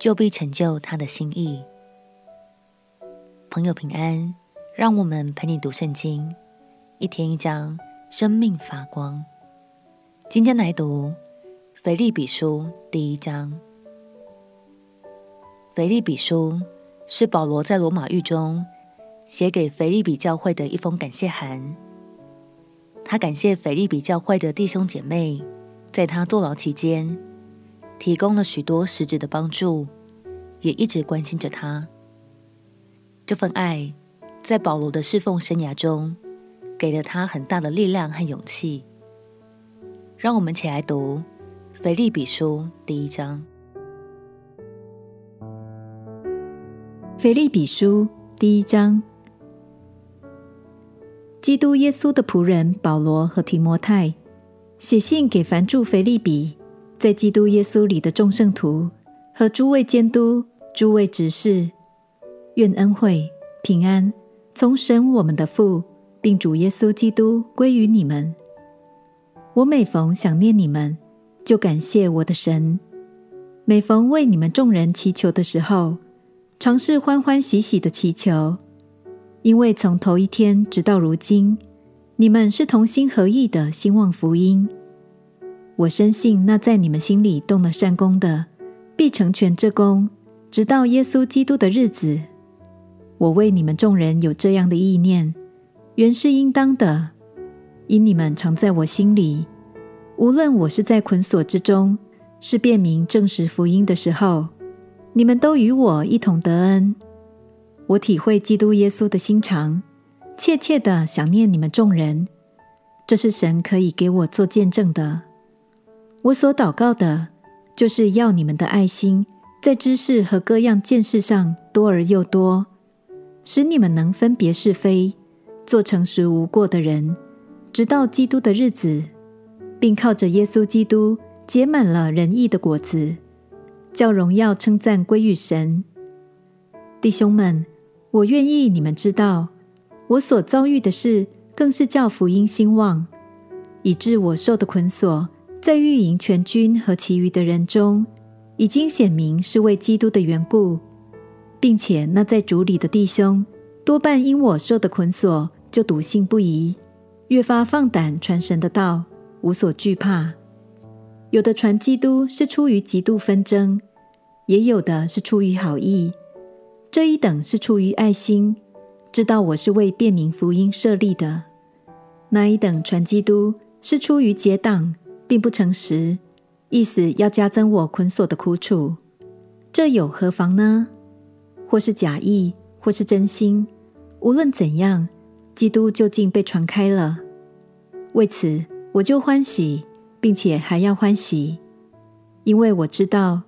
就必成就他的心意。朋友平安，讓我們陪你讀聖經，一天一章，生命發光。今天來讀《腓立比書》第一章。《腓立比書》是保羅在羅馬獄中寫給腓立比教會的一封感謝函。他感謝腓立比教會的弟兄姐妹，在他坐牢期間。提供了許多實質的幫助，也一直關心着他。這份愛，在保羅的侍奉生涯中，給了他很大的力量和勇氣。讓我們一起來讀《腓立比書》第一章。《腓立比書》第一章，基督耶穌的僕人保羅和提摩太，寫信給凡住腓立比，在基督耶穌裡的眾聖徒和諸位監督、諸位執事，願恩惠、平安從神我們的父，並主耶穌基督歸於你們。我每逢想念你們，就感謝我的神；每逢為你們眾人祈求的時候，常是歡歡喜喜的祈求，因為從頭一天直到如今，你們是同心合意的興旺福音。我深信，那在你們心裡動了善工的，必成全這工，直到耶穌基督的日子。我為你們眾人有這樣的意念，原是應當的，因你們常在我心裡。無論我是在捆鎖之中，是辯明證實福音的時候，你們都與我一同得恩。我體會基督耶穌的心腸，切切的想念你們眾人，這是神可以給我做見證的。我所禱告的，就是要你們的愛心在知識和各樣見識上多而又多，使你們能分別是非，做誠實無過的人，直到基督的日子，並靠着耶穌基督結滿了仁義的果子，叫榮耀稱讚歸於神。弟兄們，我願意你們知道，我所遭遇的事，更是叫福音興旺，以致我受的捆鎖。在御營全軍和其餘的人中，已經顯明是為基督的緣故，並且那在主裡的弟兄多半因我受的捆鎖，就篤信不疑，越發放膽傳神的道，無所懼怕。有的傳基督是出於嫉妒紛爭，也有的是出於好意。這一等是出於愛心，知道我是為辯明福音設立的；那一等傳基督是出於結黨。並不誠實，意思要加增我捆鎖的苦楚，這有何妨呢？或是假意，或是真心，無論怎樣，基督究竟被傳開了。為此，我就歡喜，並且還要歡喜，因為我知道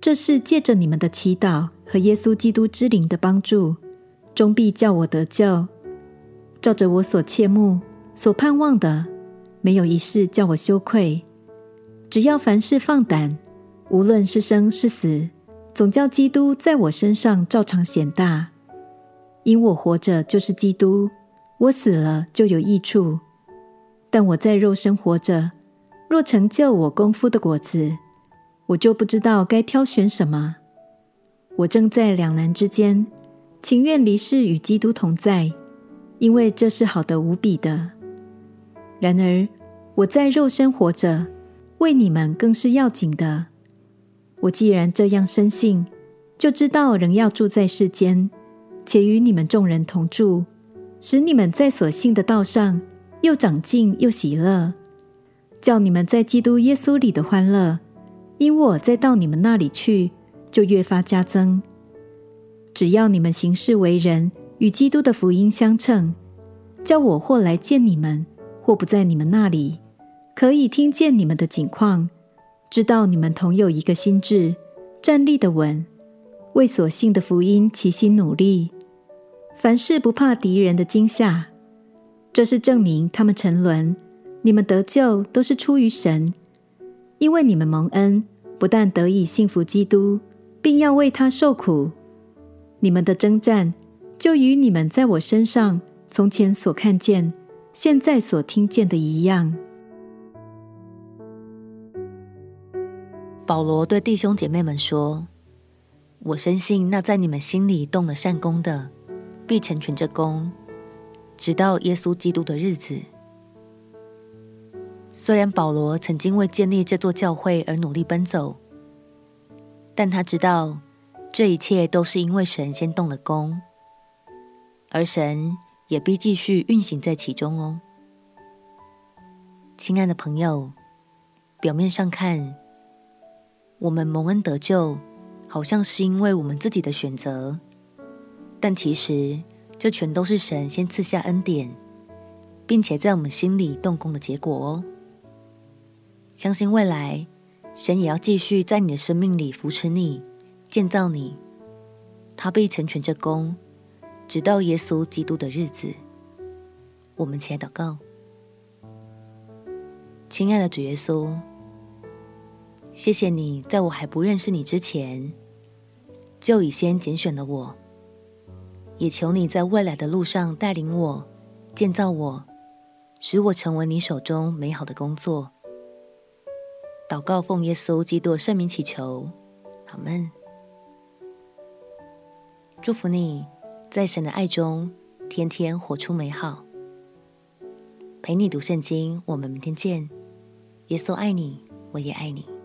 這是借着你們的祈禱和耶穌基督之靈的幫助，終必叫我得救，照着我所切慕、所盼望的。沒有一事叫我羞愧，只要凡事放膽，無論是生是死，總叫基督在我身上照常顯大。因我活着就是基督，我死了就有益處。但我在肉身活着，若成就我功夫的果子，我就不知道該挑選什麼。我正在兩難之間，情願離世與基督同在，因為這是好得無比的。然而。我在肉身活着，為你們更是要緊的。我既然這樣深信，就知道仍要住在世間，且與你們眾人同住，使你們在所信的道上又長進又喜樂，叫你們在基督耶穌裡的歡樂，因我再到你們那裡去，就越發加增。只要你們行事為人，與基督的福音相稱，叫我或來見你們，或不在你們那裡。可以聽見你們的景況，知道你們同有一個心志，站立得穩，為所信的福音齊心努力，凡事不怕敵人的驚嚇。這是證明他們沉淪，你們得救都是出於神，因為你們蒙恩不但得以信服基督，並要為他受苦。你們的爭戰就與你們在我身上從前所看見、現在所聽見的一樣。保羅對弟兄姐妹們說：“我深信那在你們心裡動了善工的，必成全這工，直到耶穌基督的日子。”雖然保羅曾經為建立這座教會而努力奔走，但他知道這一切都是因為神先動了工，而神也必繼續運行在其中哦。親愛的朋友，表面上看，我們蒙恩得救，好像是因為我們自己的選擇，但其實這全都是神先賜下恩典，並且在我們心裡動工的結果哦。相信未來，神也要繼續在你的生命裡扶持你、建造你，祂必成全這工，直到耶穌基督的日子。我們前來禱告：「親愛的主耶穌。謝謝你，在我還不認識你之前，就已先揀選了我。也求你在未來的路上帶領我、建造我，使我成為你手中美好的工作。禱告奉耶穌基督聖名祈求，阿們。祝福你在神的愛中天天活出美好。陪你讀聖經，我們明天見。耶穌愛你，我也愛你。